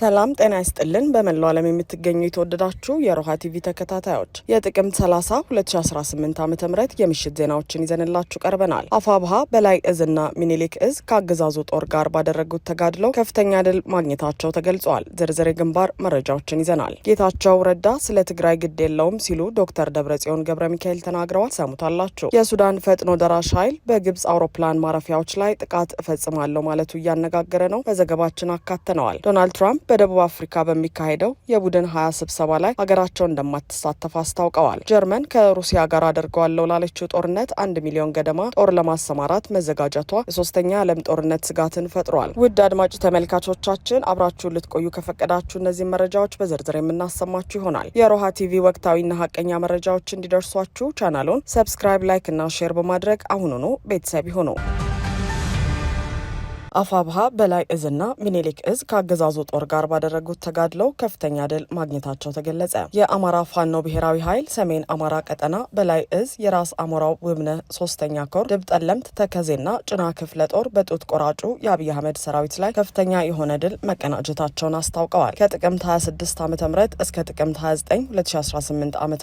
ሰላም ጤና ይስጥልን። በመላው ዓለም የምትገኙ የተወደዳችሁ የሮሃ ቲቪ ተከታታዮች የጥቅምት 30 2018 ዓ ም የምሽት ዜናዎችን ይዘንላችሁ ቀርበናል። አፋብሃ በላይ እዝና ሚኒሊክ እዝ ከአገዛዙ ጦር ጋር ባደረጉት ተጋድሎ ከፍተኛ ድል ማግኘታቸው ተገልጿል። ዝርዝር ግንባር መረጃዎችን ይዘናል። ጌታቸው ረዳ ስለ ትግራይ ግድ የለውም ሲሉ ዶክተር ደብረጽዮን ገብረ ሚካኤል ተናግረዋል። ሰሙታላችሁ። የሱዳን ፈጥኖ ደራሽ ኃይል በግብፅ አውሮፕላን ማረፊያዎች ላይ ጥቃት እፈጽማለሁ ማለቱ እያነጋገረ ነው። በዘገባችን አካተነዋል። ዶናልድ ትራምፕ በደቡብ አፍሪካ በሚካሄደው የቡድን ሀያ ስብሰባ ላይ ሀገራቸው እንደማትሳተፍ አስታውቀዋል። ጀርመን ከሩሲያ ጋር አድርገዋለው ላለችው ጦርነት አንድ ሚሊዮን ገደማ ጦር ለማሰማራት መዘጋጀቷ የሶስተኛ ዓለም ጦርነት ስጋትን ፈጥሯል። ውድ አድማጭ ተመልካቾቻችን አብራችሁን ልትቆዩ ከፈቀዳችሁ እነዚህን መረጃዎች በዝርዝር የምናሰማችሁ ይሆናል። የሮሃ ቲቪ ወቅታዊና ሀቀኛ መረጃዎች እንዲደርሷችሁ ቻናሉን ሰብስክራይብ፣ ላይክ እና ሼር በማድረግ አሁኑኑ ቤተሰብ ይሁኑ። አፋብሃ በላይ እዝና ሚኒሊክ እዝ ከአገዛዙ ጦር ጋር ባደረጉት ተጋድለው ከፍተኛ ድል ማግኘታቸው ተገለጸ። የአማራ ፋኖ ብሔራዊ ኃይል ሰሜን አማራ ቀጠና በላይ እዝ የራስ አሞራው ውብነ ሶስተኛ ኮር ድብ ጠለምት ተከዜና ጭና ክፍለ ጦር በጡት ቆራጩ የአብይ አህመድ ሰራዊት ላይ ከፍተኛ የሆነ ድል መቀናጀታቸውን አስታውቀዋል። ከጥቅምት 26 ዓ ም እስከ ጥቅምት 29 2018 ዓ ም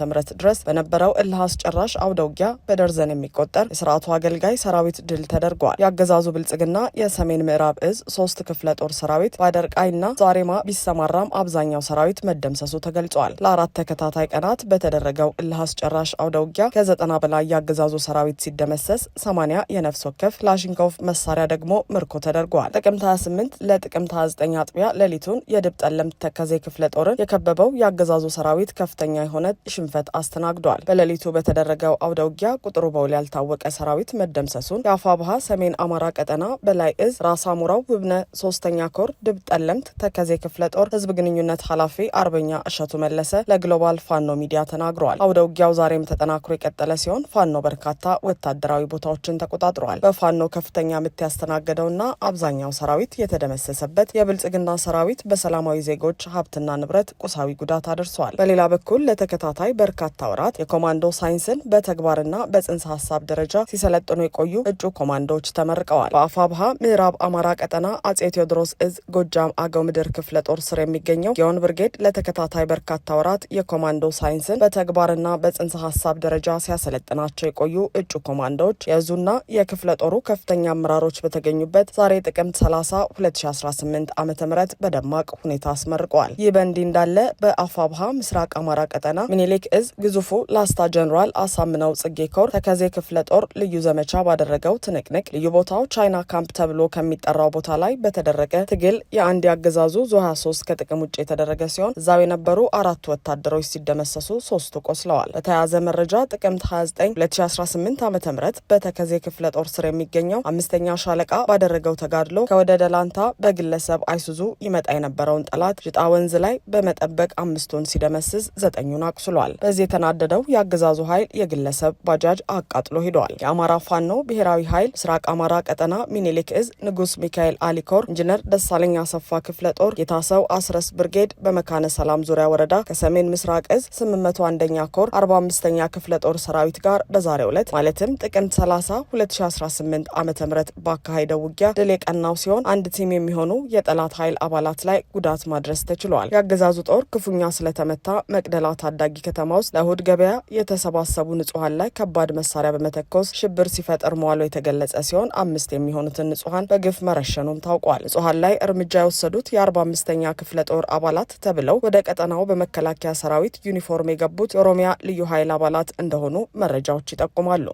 ድረስ በነበረው እልህ አስጨራሽ አውደውጊያ በደርዘን የሚቆጠር የስርዓቱ አገልጋይ ሰራዊት ድል ተደርጓል። የአገዛዙ ብልጽግና የሰሜን ሰሜን ምዕራብ እዝ ሶስት ክፍለ ጦር ሰራዊት ባደርቃይና ዛሬማ ቢሰማራም አብዛኛው ሰራዊት መደምሰሱ ተገልጿል። ለአራት ተከታታይ ቀናት በተደረገው እልህ አስጨራሽ አውደ ውጊያ ከዘጠና በላይ የአገዛዙ ሰራዊት ሲደመሰስ ሰማኒያ የነፍስ ወከፍ ክላሽንኮቭ መሳሪያ ደግሞ ምርኮ ተደርጓል። ጥቅምት 28 ለጥቅምት 29 አጥቢያ ሌሊቱን የድብ ጠለምት ተከዜ ክፍለ ጦርን የከበበው የአገዛዙ ሰራዊት ከፍተኛ የሆነ ሽንፈት አስተናግዷል። በሌሊቱ በተደረገው አውደ ውጊያ ቁጥሩ በውል ያልታወቀ ሰራዊት መደምሰሱን የአፋ ባሃ ሰሜን አማራ ቀጠና በላይ እዝ ራስ አሞራው ውብነ ሶስተኛ ኮር ድብ ጠለምት ተከዜ ክፍለ ጦር ህዝብ ግንኙነት ኃላፊ አርበኛ እሸቱ መለሰ ለግሎባል ፋኖ ሚዲያ ተናግረዋል። አውደ ውጊያው ዛሬም ተጠናክሮ የቀጠለ ሲሆን ፋኖ በርካታ ወታደራዊ ቦታዎችን ተቆጣጥረዋል። በፋኖ ከፍተኛ ምት ያስተናገደውና አብዛኛው ሰራዊት የተደመሰሰበት የብልጽግና ሰራዊት በሰላማዊ ዜጎች ሀብትና ንብረት ቁሳዊ ጉዳት አድርሷል። በሌላ በኩል ለተከታታይ በርካታ ወራት የኮማንዶ ሳይንስን በተግባርና በጽንሰ ሀሳብ ደረጃ ሲሰለጥኑ የቆዩ እጩ ኮማንዶዎች ተመርቀዋል። በአፋብሃ ምዕራብ አማራ ቀጠና አጼ ቴዎድሮስ እዝ ጎጃም አገው ምድር ክፍለ ጦር ስር የሚገኘው ጊዮን ብርጌድ ለተከታታይ በርካታ ወራት የኮማንዶ ሳይንስን በተግባርና በጽንሰ ሀሳብ ደረጃ ሲያሰለጥናቸው የቆዩ እጩ ኮማንዶዎች የእዙና የክፍለ ጦሩ ከፍተኛ አመራሮች በተገኙበት ዛሬ ጥቅምት 30 2018 ዓ ም በደማቅ ሁኔታ አስመርቀዋል። ይህ በእንዲህ እንዳለ በአፋብሃ ምስራቅ አማራ ቀጠና ሚኒሊክ እዝ ግዙፉ ላስታ ጀኔራል አሳምነው ጽጌ ኮር ተከዜ ክፍለ ጦር ልዩ ዘመቻ ባደረገው ትንቅንቅ ልዩ ቦታው ቻይና ካምፕ ተብሎ ከሚ በሚጠራው ቦታ ላይ በተደረገ ትግል የአንድ የአገዛዙ ዙ 23 ከጥቅም ውጭ የተደረገ ሲሆን እዛው የነበሩ አራቱ ወታደሮች ሲደመሰሱ ሶስቱ ቆስለዋል። በተያያዘ መረጃ ጥቅምት 29 2018 ዓ ም በተከዜ ክፍለ ጦር ስር የሚገኘው አምስተኛ ሻለቃ ባደረገው ተጋድሎ ከወደ ደላንታ በግለሰብ አይሱዙ ይመጣ የነበረውን ጠላት ጅጣ ወንዝ ላይ በመጠበቅ አምስቱን ሲደመስስ ዘጠኙን አቁስሏል። በዚህ የተናደደው የአገዛዙ ኃይል የግለሰብ ባጃጅ አቃጥሎ ሂደዋል። የአማራ ፋኖ ብሔራዊ ኃይል ምስራቅ አማራ ቀጠና ሚኒሊክ እዝ ንጉስ ሚካኤል አሊኮር፣ ኢንጂነር ደሳለኝ አሰፋ ክፍለ ጦር፣ የታሰው አስረስ ብርጌድ በመካነ ሰላም ዙሪያ ወረዳ ከሰሜን ምስራቅ እዝ ስምንት መቶ አንደኛ ኮር አርባ አምስተኛ ክፍለ ጦር ሰራዊት ጋር በዛሬው ዕለት ማለትም ጥቅምት 30 2018 ዓ ም ባካሄደው ውጊያ ድል የቀናው ሲሆን አንድ ቲም የሚሆኑ የጠላት ኃይል አባላት ላይ ጉዳት ማድረስ ተችሏል። የአገዛዙ ጦር ክፉኛ ስለተመታ መቅደላ ታዳጊ ከተማ ውስጥ ለእሁድ ገበያ የተሰባሰቡ ንጹሐን ላይ ከባድ መሳሪያ በመተኮስ ሽብር ሲፈጠር መዋሉ የተገለጸ ሲሆን አምስት የሚሆኑትን ንጹሐን በግ በግፍ መረሸኑም ታውቋል። ንጹሐን ላይ እርምጃ የወሰዱት የ45ኛ ክፍለ ጦር አባላት ተብለው ወደ ቀጠናው በመከላከያ ሰራዊት ዩኒፎርም የገቡት የኦሮሚያ ልዩ ኃይል አባላት እንደሆኑ መረጃዎች ይጠቁማሉ።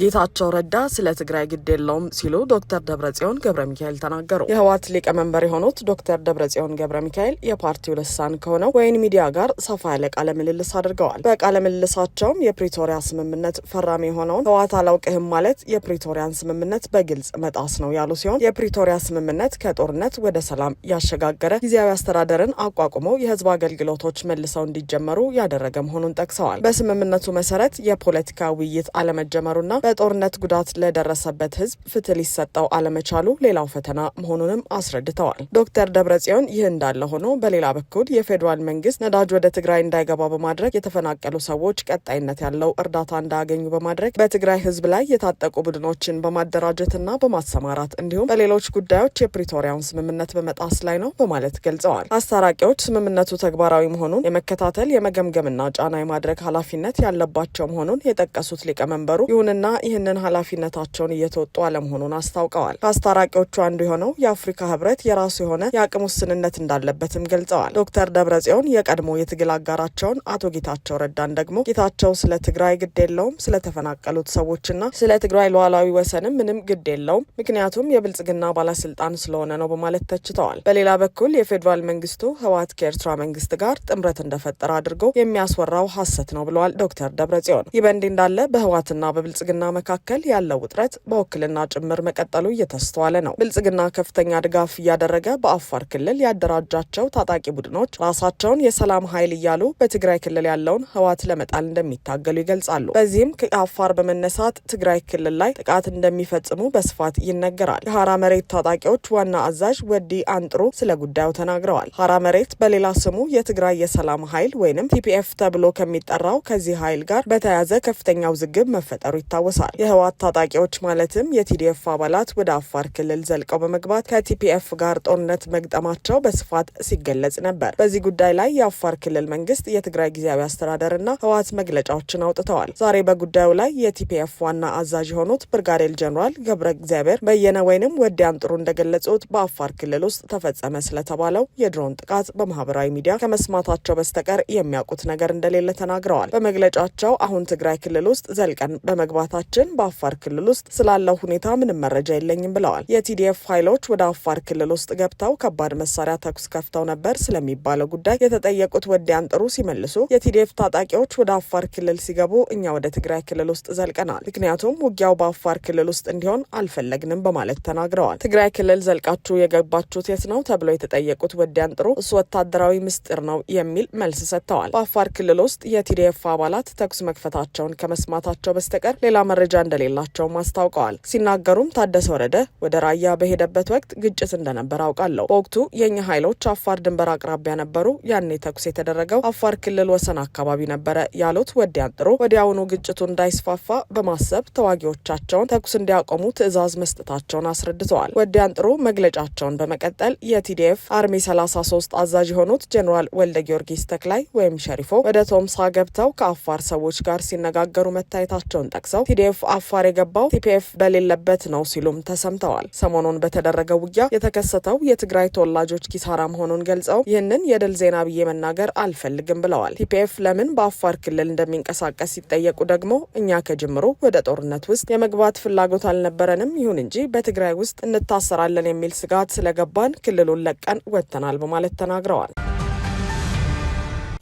ጌታቸው ረዳ ስለ ትግራይ ግድ የለውም ሲሉ ዶክተር ደብረጽዮን ገብረ ሚካኤል ተናገሩ። የህወሓት ሊቀመንበር የሆኑት ዶክተር ደብረጽዮን ገብረ ሚካኤል የፓርቲው ልሳን ከሆነው ወይን ሚዲያ ጋር ሰፋ ያለ ቃለ ምልልስ አድርገዋል። በቃለ ምልልሳቸውም የፕሪቶሪያ ስምምነት ፈራሚ የሆነውን ህወሓት አላውቅህም ማለት የፕሪቶሪያን ስምምነት በግልጽ መጣስ ነው ያሉ ሲሆን የፕሪቶሪያ ስምምነት ከጦርነት ወደ ሰላም ያሸጋገረ ጊዜያዊ አስተዳደርን አቋቁሞ የህዝብ አገልግሎቶች መልሰው እንዲጀመሩ ያደረገ መሆኑን ጠቅሰዋል። በስምምነቱ መሰረት የፖለቲካ ውይይት አለመጀመሩና በጦርነት ጉዳት ለደረሰበት ህዝብ ፍትህ ሊሰጠው አለመቻሉ ሌላው ፈተና መሆኑንም አስረድተዋል። ዶክተር ደብረጽዮን ይህ እንዳለ ሆኖ በሌላ በኩል የፌዴራል መንግስት ነዳጅ ወደ ትግራይ እንዳይገባ በማድረግ የተፈናቀሉ ሰዎች ቀጣይነት ያለው እርዳታ እንዳያገኙ በማድረግ በትግራይ ህዝብ ላይ የታጠቁ ቡድኖችን በማደራጀትና በማሰማራት እንዲሁም በሌሎች ጉዳዮች የፕሪቶሪያውን ስምምነት በመጣስ ላይ ነው በማለት ገልጸዋል። አስታራቂዎች ስምምነቱ ተግባራዊ መሆኑን የመከታተል የመገምገምና ጫና የማድረግ ኃላፊነት ያለባቸው መሆኑን የጠቀሱት ሊቀመንበሩ ይሁንና ይህንን ኃላፊነታቸውን እየተወጡ አለመሆኑን አስታውቀዋል። ከአስታራቂዎቹ አንዱ የሆነው የአፍሪካ ህብረት የራሱ የሆነ የአቅም ውስንነት እንዳለበትም ገልጸዋል። ዶክተር ደብረጽዮን የቀድሞ የትግል አጋራቸውን አቶ ጌታቸው ረዳን ደግሞ ጌታቸው ስለ ትግራይ ግድ የለውም፣ ስለተፈናቀሉት ሰዎችና ስለ ትግራይ ሉዓላዊ ወሰንም ምንም ግድ የለውም፣ ምክንያቱም የብልጽግና ባለስልጣን ስለሆነ ነው በማለት ተችተዋል። በሌላ በኩል የፌዴራል መንግስቱ ህወሓት ከኤርትራ መንግስት ጋር ጥምረት እንደፈጠረ አድርጎ የሚያስወራው ሀሰት ነው ብለዋል ዶክተር ደብረጽዮን። ይህ በእንዲህ እንዳለ በህወሓትና በብልጽግና መካከል ያለው ውጥረት በውክልና ጭምር መቀጠሉ እየተስተዋለ ነው። ብልጽግና ከፍተኛ ድጋፍ እያደረገ በአፋር ክልል ያደራጃቸው ታጣቂ ቡድኖች ራሳቸውን የሰላም ኃይል እያሉ በትግራይ ክልል ያለውን ህወሓት ለመጣል እንደሚታገሉ ይገልጻሉ። በዚህም ከአፋር በመነሳት ትግራይ ክልል ላይ ጥቃት እንደሚፈጽሙ በስፋት ይነገራል። የሀራ መሬት ታጣቂዎች ዋና አዛዥ ወዲ አንጥሩ ስለ ጉዳዩ ተናግረዋል። ሀራ መሬት በሌላ ስሙ የትግራይ የሰላም ኃይል ወይም ቲፒኤፍ ተብሎ ከሚጠራው ከዚህ ኃይል ጋር በተያያዘ ከፍተኛ ውዝግብ መፈጠሩ ይታወሳል። ይጠቀሳል። የህወሓት ታጣቂዎች ማለትም የቲዲኤፍ አባላት ወደ አፋር ክልል ዘልቀው በመግባት ከቲፒኤፍ ጋር ጦርነት መግጠማቸው በስፋት ሲገለጽ ነበር። በዚህ ጉዳይ ላይ የአፋር ክልል መንግስት፣ የትግራይ ጊዜያዊ አስተዳደርና ህወሓት መግለጫዎችን አውጥተዋል። ዛሬ በጉዳዩ ላይ የቲፒኤፍ ዋና አዛዥ የሆኑት ብርጋዴር ጀኔራል ገብረ እግዚአብሔር በየነ ወይንም ወዲያን ጥሩ እንደገለጹት በአፋር ክልል ውስጥ ተፈጸመ ስለተባለው የድሮን ጥቃት በማህበራዊ ሚዲያ ከመስማታቸው በስተቀር የሚያውቁት ነገር እንደሌለ ተናግረዋል። በመግለጫቸው አሁን ትግራይ ክልል ውስጥ ዘልቀን በመግባታቸው ምንጫችን በአፋር ክልል ውስጥ ስላለው ሁኔታ ምንም መረጃ የለኝም ብለዋል። የቲዲኤፍ ኃይሎች ወደ አፋር ክልል ውስጥ ገብተው ከባድ መሳሪያ ተኩስ ከፍተው ነበር ስለሚባለው ጉዳይ የተጠየቁት ወዲያን ጥሩ ሲመልሱ የቲዲኤፍ ታጣቂዎች ወደ አፋር ክልል ሲገቡ እኛ ወደ ትግራይ ክልል ውስጥ ዘልቀናል፣ ምክንያቱም ውጊያው በአፋር ክልል ውስጥ እንዲሆን አልፈለግንም በማለት ተናግረዋል። ትግራይ ክልል ዘልቃችሁ የገባችሁት የት ነው ተብሎ የተጠየቁት ወዲያን ጥሩ እሱ ወታደራዊ ምስጢር ነው የሚል መልስ ሰጥተዋል። በአፋር ክልል ውስጥ የቲዲኤፍ አባላት ተኩስ መክፈታቸውን ከመስማታቸው በስተቀር ሌላ መረጃ እንደሌላቸውም አስታውቀዋል። ሲናገሩም ታደሰ ወረደ ወደ ራያ በሄደበት ወቅት ግጭት እንደነበር አውቃለሁ። በወቅቱ የእኛ ኃይሎች አፋር ድንበር አቅራቢያ ነበሩ። ያኔ ተኩስ የተደረገው አፋር ክልል ወሰን አካባቢ ነበረ ያሉት ወዲያን ጥሩ ወዲያውኑ ግጭቱ እንዳይስፋፋ በማሰብ ተዋጊዎቻቸውን ተኩስ እንዲያቆሙ ትዕዛዝ መስጠታቸውን አስረድተዋል። ወዲያን ጥሩ መግለጫቸውን በመቀጠል የቲዲኤፍ አርሚ 33 አዛዥ የሆኑት ጀኔራል ወልደ ጊዮርጊስ ተክላይ ወይም ሸሪፎ ወደ ቶምሳ ገብተው ከአፋር ሰዎች ጋር ሲነጋገሩ መታየታቸውን ጠቅሰው ቲዲኤፍ አፋር የገባው ቲፒኤፍ በሌለበት ነው ሲሉም ተሰምተዋል። ሰሞኑን በተደረገ ውጊያ የተከሰተው የትግራይ ተወላጆች ኪሳራ መሆኑን ገልጸው ይህንን የድል ዜና ብዬ መናገር አልፈልግም ብለዋል። ቲፒኤፍ ለምን በአፋር ክልል እንደሚንቀሳቀስ ሲጠየቁ ደግሞ እኛ ከጅምሮ ወደ ጦርነት ውስጥ የመግባት ፍላጎት አልነበረንም። ይሁን እንጂ በትግራይ ውስጥ እንታሰራለን የሚል ስጋት ስለገባን ክልሉን ለቀን ወጥተናል በማለት ተናግረዋል።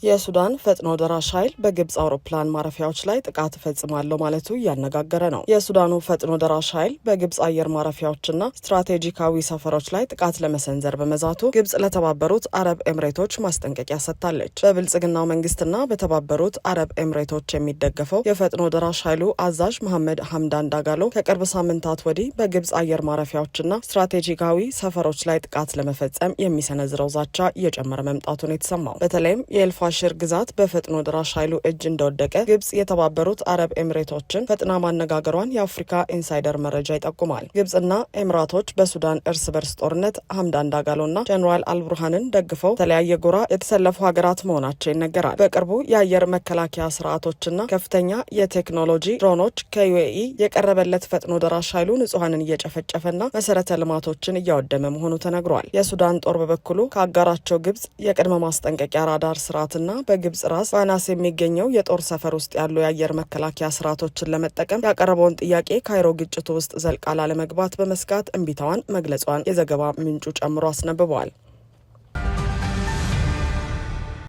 የሱዳን ፈጥኖ ደራሽ ኃይል በግብፅ አውሮፕላን ማረፊያዎች ላይ ጥቃት እፈጽማለሁ ማለቱ እያነጋገረ ነው። የሱዳኑ ፈጥኖ ደራሽ ኃይል በግብፅ አየር ማረፊያዎችና ስትራቴጂካዊ ሰፈሮች ላይ ጥቃት ለመሰንዘር በመዛቱ ግብፅ ለተባበሩት አረብ ኤምሬቶች ማስጠንቀቂያ ሰጥታለች። በብልጽግናው መንግስትና በተባበሩት አረብ ኤምሬቶች የሚደገፈው የፈጥኖ ደራሽ ኃይሉ አዛዥ መሐመድ ሀምዳን ዳጋሎ ከቅርብ ሳምንታት ወዲህ በግብፅ አየር ማረፊያዎችና ስትራቴጂካዊ ሰፈሮች ላይ ጥቃት ለመፈጸም የሚሰነዝረው ዛቻ እየጨመረ መምጣቱ ነው የተሰማው። በተለይም የኤልፋ አልበሽር ግዛት በፈጥኖ ድራሽ ኃይሉ እጅ እንደወደቀ ግብጽ የተባበሩት አረብ ኤምሬቶችን ፈጥና ማነጋገሯን የአፍሪካ ኢንሳይደር መረጃ ይጠቁማል። ግብጽና ኤምራቶች በሱዳን እርስ በርስ ጦርነት ሀምዳን ዳጋሎና ጀኔራል አልቡርሃንን ደግፈው የተለያየ ጎራ የተሰለፉ ሀገራት መሆናቸው ይነገራል። በቅርቡ የአየር መከላከያ ስርዓቶችና ከፍተኛ የቴክኖሎጂ ድሮኖች ከዩኤኢ የቀረበለት ፈጥኖ ደራሽ ኃይሉ ንጹሐንን እየጨፈጨፈና መሰረተ ልማቶችን እያወደመ መሆኑ ተነግሯል። የሱዳን ጦር በበኩሉ ከአጋራቸው ግብጽ የቅድመ ማስጠንቀቂያ ራዳር ስርዓትን ና በግብጽ ራስ ፋናስ የሚገኘው የጦር ሰፈር ውስጥ ያሉ የአየር መከላከያ ስርዓቶችን ለመጠቀም ያቀረበውን ጥያቄ ካይሮ ግጭቱ ውስጥ ዘልቃ ላለመግባት በመስጋት እምቢታዋን መግለጿን የዘገባ ምንጩ ጨምሮ አስነብቧል።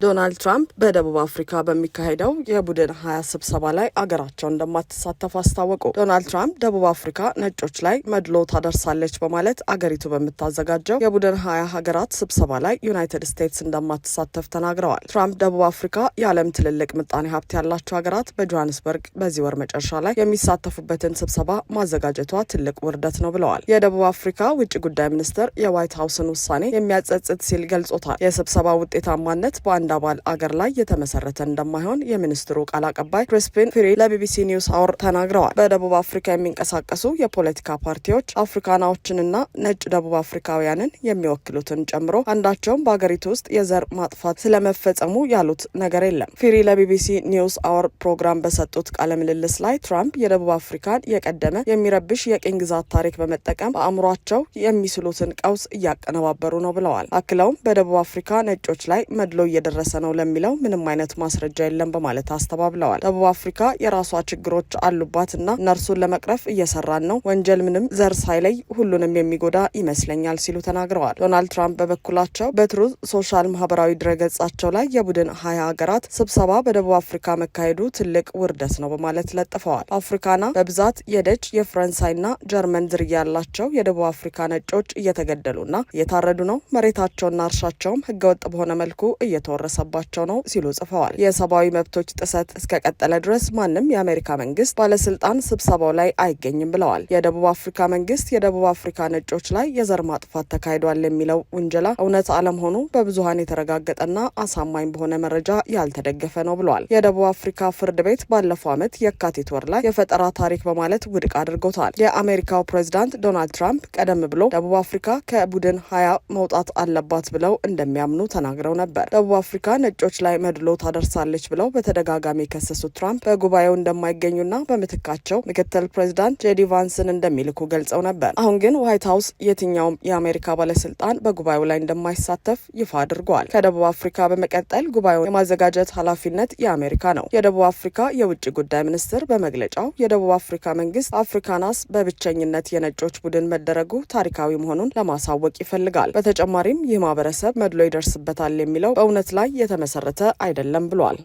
ዶናልድ ትራምፕ በደቡብ አፍሪካ በሚካሄደው የቡድን ሀያ ስብሰባ ላይ አገራቸው እንደማትሳተፍ አስታወቁ። ዶናልድ ትራምፕ ደቡብ አፍሪካ ነጮች ላይ መድሎ ታደርሳለች በማለት አገሪቱ በምታዘጋጀው የቡድን ሀያ ሀገራት ስብሰባ ላይ ዩናይትድ ስቴትስ እንደማትሳተፍ ተናግረዋል። ትራምፕ ደቡብ አፍሪካ የዓለም ትልልቅ ምጣኔ ሀብት ያላቸው ሀገራት በጆሃንስበርግ በዚህ ወር መጨረሻ ላይ የሚሳተፉበትን ስብሰባ ማዘጋጀቷ ትልቅ ውርደት ነው ብለዋል። የደቡብ አፍሪካ ውጭ ጉዳይ ሚኒስትር የዋይት ሀውስን ውሳኔ የሚያጸጽት ሲል ገልጾታል። የስብሰባ ውጤታማነት በአንድ አባል አገር ላይ የተመሰረተ እንደማይሆን የሚኒስትሩ ቃል አቀባይ ክሪስፒን ፍሪ ለቢቢሲ ኒውስ አወር ተናግረዋል። በደቡብ አፍሪካ የሚንቀሳቀሱ የፖለቲካ ፓርቲዎች አፍሪካናዎችንና ነጭ ደቡብ አፍሪካውያንን የሚወክሉትን ጨምሮ አንዳቸውም በአገሪቱ ውስጥ የዘር ማጥፋት ስለመፈጸሙ ያሉት ነገር የለም። ፊሪ ለቢቢሲ ኒውስ አወር ፕሮግራም በሰጡት ቃለ ምልልስ ላይ ትራምፕ የደቡብ አፍሪካን የቀደመ የሚረብሽ የቅኝ ግዛት ታሪክ በመጠቀም በአእምሯቸው የሚስሉትን ቀውስ እያቀነባበሩ ነው ብለዋል። አክለውም በደቡብ አፍሪካ ነጮች ላይ መድሎ እየደረ እየደረሰ ነው ለሚለው ምንም አይነት ማስረጃ የለም በማለት አስተባብለዋል። ደቡብ አፍሪካ የራሷ ችግሮች አሉባት እና እነርሱን ለመቅረፍ እየሰራን ነው። ወንጀል ምንም ዘር ሳይለይ ሁሉንም የሚጎዳ ይመስለኛል ሲሉ ተናግረዋል። ዶናልድ ትራምፕ በበኩላቸው በትሩዝ ሶሻል ማህበራዊ ድረገጻቸው ላይ የቡድን ሀያ ሀገራት ስብሰባ በደቡብ አፍሪካ መካሄዱ ትልቅ ውርደት ነው በማለት ለጥፈዋል። አፍሪካና በብዛት የደች የፈረንሳይና ጀርመን ዝርያ ያላቸው የደቡብ አፍሪካ ነጮች እየተገደሉና እየታረዱ ነው። መሬታቸውና እርሻቸውም ህገወጥ በሆነ መልኩ እየተወረ እየደረሰባቸው ነው ሲሉ ጽፈዋል። የሰብአዊ መብቶች ጥሰት እስከቀጠለ ድረስ ማንም የአሜሪካ መንግስት ባለስልጣን ስብሰባው ላይ አይገኝም ብለዋል። የደቡብ አፍሪካ መንግስት የደቡብ አፍሪካ ነጮች ላይ የዘር ማጥፋት ተካሂዷል የሚለው ውንጀላ እውነት አለመሆኑ በብዙሀን የተረጋገጠና አሳማኝ በሆነ መረጃ ያልተደገፈ ነው ብለዋል። የደቡብ አፍሪካ ፍርድ ቤት ባለፈው ዓመት የካቲት ወር ላይ የፈጠራ ታሪክ በማለት ውድቅ አድርጎታል። የአሜሪካው ፕሬዚዳንት ዶናልድ ትራምፕ ቀደም ብሎ ደቡብ አፍሪካ ከቡድን ሀያ መውጣት አለባት ብለው እንደሚያምኑ ተናግረው ነበር። ደቡብ አፍሪካ ነጮች ላይ መድሎ ታደርሳለች ብለው በተደጋጋሚ የከሰሱት ትራምፕ በጉባኤው እንደማይገኙና በምትካቸው ምክትል ፕሬዚዳንት ጄዲ ቫንስን እንደሚልኩ ገልጸው ነበር። አሁን ግን ዋይት ሀውስ የትኛውም የአሜሪካ ባለስልጣን በጉባኤው ላይ እንደማይሳተፍ ይፋ አድርጓል። ከደቡብ አፍሪካ በመቀጠል ጉባኤውን የማዘጋጀት ኃላፊነት የአሜሪካ ነው። የደቡብ አፍሪካ የውጭ ጉዳይ ሚኒስትር በመግለጫው የደቡብ አፍሪካ መንግስት አፍሪካናስ በብቸኝነት የነጮች ቡድን መደረጉ ታሪካዊ መሆኑን ለማሳወቅ ይፈልጋል። በተጨማሪም ይህ ማህበረሰብ መድሎ ይደርስበታል የሚለው በእውነት ላይ ላይ የተመሰረተ አይደለም ብሏል።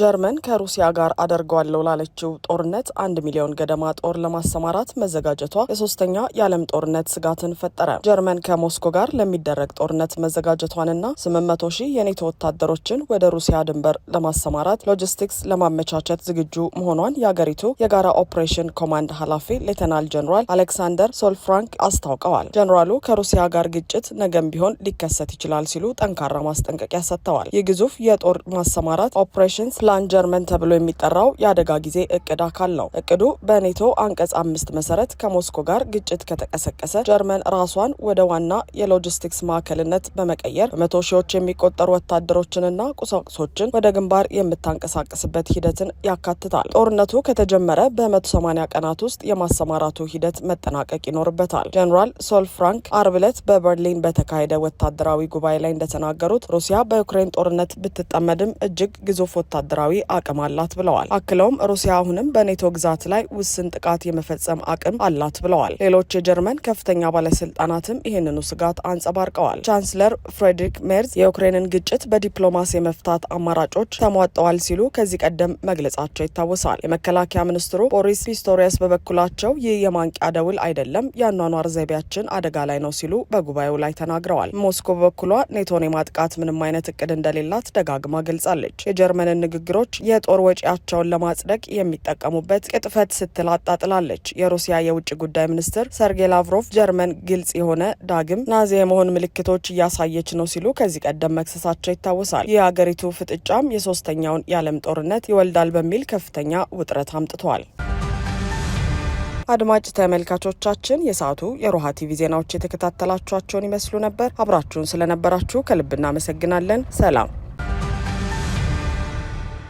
ጀርመን ከሩሲያ ጋር አደርገዋለሁ ላለችው ጦርነት አንድ ሚሊዮን ገደማ ጦር ለማሰማራት መዘጋጀቷ የሶስተኛ የዓለም ጦርነት ስጋትን ፈጠረ። ጀርመን ከሞስኮ ጋር ለሚደረግ ጦርነት መዘጋጀቷንና ስምንት መቶ ሺህ የኔቶ ወታደሮችን ወደ ሩሲያ ድንበር ለማሰማራት ሎጂስቲክስ ለማመቻቸት ዝግጁ መሆኗን የአገሪቱ የጋራ ኦፕሬሽን ኮማንድ ኃላፊ ሌተናል ጀኔራል አሌክሳንደር ሶልፍራንክ አስታውቀዋል። ጀኔራሉ ከሩሲያ ጋር ግጭት ነገም ቢሆን ሊከሰት ይችላል ሲሉ ጠንካራ ማስጠንቀቂያ ሰጥተዋል። ይህ ግዙፍ የጦር ማሰማራት ኦፕሬሽን ፕላን ጀርመን ተብሎ የሚጠራው የአደጋ ጊዜ እቅድ አካል ነው። እቅዱ በኔቶ አንቀጽ አምስት መሰረት ከሞስኮ ጋር ግጭት ከተቀሰቀሰ ጀርመን ራሷን ወደ ዋና የሎጂስቲክስ ማዕከልነት በመቀየር በመቶ ሺዎች የሚቆጠሩ ወታደሮችንና ቁሳቁሶችን ወደ ግንባር የምታንቀሳቀስበት ሂደትን ያካትታል። ጦርነቱ ከተጀመረ በመቶ 180 ቀናት ውስጥ የማሰማራቱ ሂደት መጠናቀቅ ይኖርበታል። ጀኔራል ሶል ፍራንክ አርብ ዕለት በበርሊን በተካሄደ ወታደራዊ ጉባኤ ላይ እንደተናገሩት ሩሲያ በዩክሬን ጦርነት ብትጠመድም እጅግ ግዙፍ ወታደራዊ ወታደራዊ አቅም አላት ብለዋል። አክለውም ሩሲያ አሁንም በኔቶ ግዛት ላይ ውስን ጥቃት የመፈጸም አቅም አላት ብለዋል። ሌሎች የጀርመን ከፍተኛ ባለስልጣናትም ይህንኑ ስጋት አንጸባርቀዋል። ቻንስለር ፍሬድሪክ ሜርዝ የዩክሬንን ግጭት በዲፕሎማሲ የመፍታት አማራጮች ተሟጠዋል ሲሉ ከዚህ ቀደም መግለጻቸው ይታወሳል። የመከላከያ ሚኒስትሩ ቦሪስ ፒስቶሪያስ በበኩላቸው ይህ የማንቂያ ደውል አይደለም፣ የአኗኗር ዘይቤያችን አደጋ ላይ ነው ሲሉ በጉባኤው ላይ ተናግረዋል። ሞስኮ በበኩሏ ኔቶን የማጥቃት ምንም አይነት እቅድ እንደሌላት ደጋግማ ገልጻለች። የጀርመንን ንግግር ችግሮች የጦር ወጪያቸውን ለማጽደቅ የሚጠቀሙበት ቅጥፈት ስትል አጣጥላለች። የሩሲያ የውጭ ጉዳይ ሚኒስትር ሰርጌይ ላቭሮቭ ጀርመን ግልጽ የሆነ ዳግም ናዚ የመሆን ምልክቶች እያሳየች ነው ሲሉ ከዚህ ቀደም መክሰሳቸው ይታወሳል። የአገሪቱ ፍጥጫም የሶስተኛውን የዓለም ጦርነት ይወልዳል በሚል ከፍተኛ ውጥረት አምጥቷል። አድማጭ ተመልካቾቻችን የሰዓቱ የሮሃ ቲቪ ዜናዎች የተከታተላችኋቸውን ይመስሉ ነበር። አብራችሁን ስለነበራችሁ ከልብ እናመሰግናለን። ሰላም